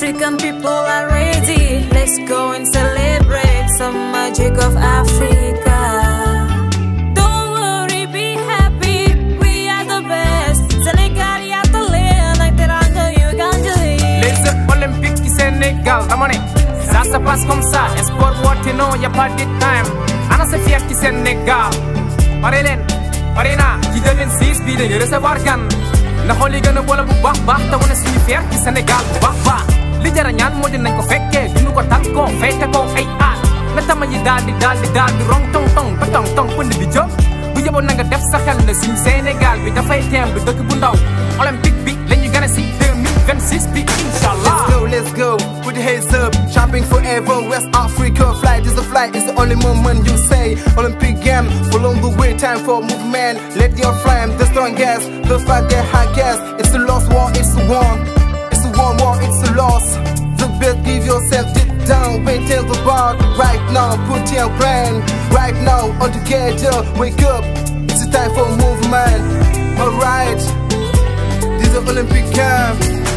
African people are ready Let's go and celebrate some magic of Africa Don't worry, be happy, we are the best Senegal, Sénégal, se passe comme ça, un sport y'a pas de time Anna c'est fier qui Sénégal Gan Nakholi bu bah bah, ta wana suñu fier qui Sénégal daal moo dinañ ko fekkee dund ko tànk ko ay aat na tama yi daal rong tong tong ba tong tong pënd bi jóg bu yóbboo na nga def sa xel ne suñ Sénégal bi dafay teem du dëkk bu ndaw olympique bi la ñu gën a si 2026 inshallah let's go let's go put your hands up jumping forever West Africa flight is a flight it's the only moment you say Olympic game prolong the way time for movement let your flame the strongest the fight the highest it's the lost war it's the one. your brain Right now, all together, wake up It's a time for movement Alright, this is Olympic camp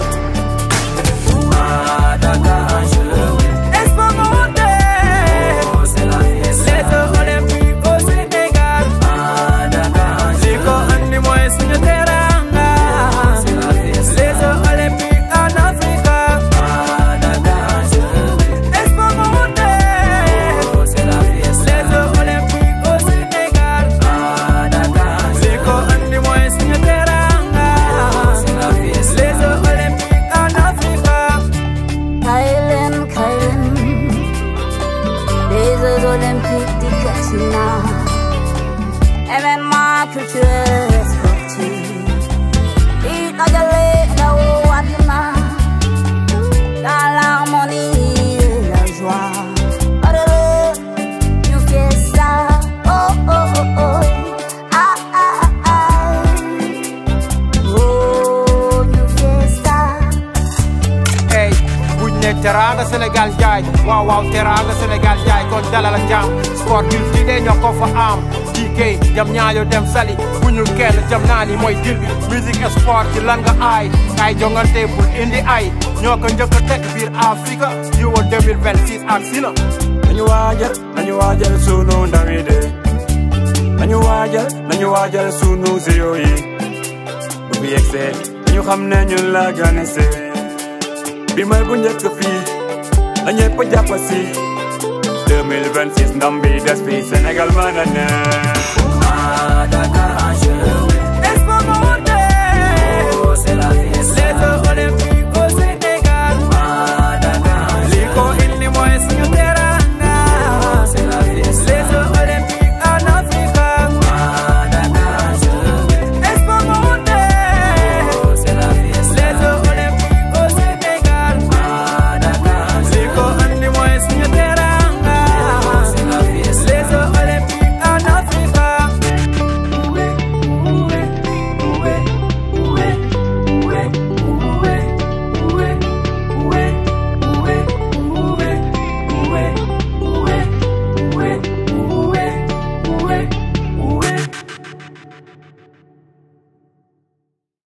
teraanga Sénégal njaay waaw waaw teraanga Sénégal njaay kon dalal ak jàmm sport culture ñoo ko fa am DK jam ñaayo dem sali bu kenn jam naa ni mooy dil bi musique sport ci lan nga aay ay jongante bul indi ay ñoo ko njëkk bir Afrika, biir Afrique Euro 2026 ak si na nañu waajal nañu sunu ndaw yi de nañu waajal sunu géo yi bu yegsee ñu xam ñun la gane Bimay bu njëkk fii na ñëpp jàpp si 2026 ndam bi des fii Sénégal mën na ne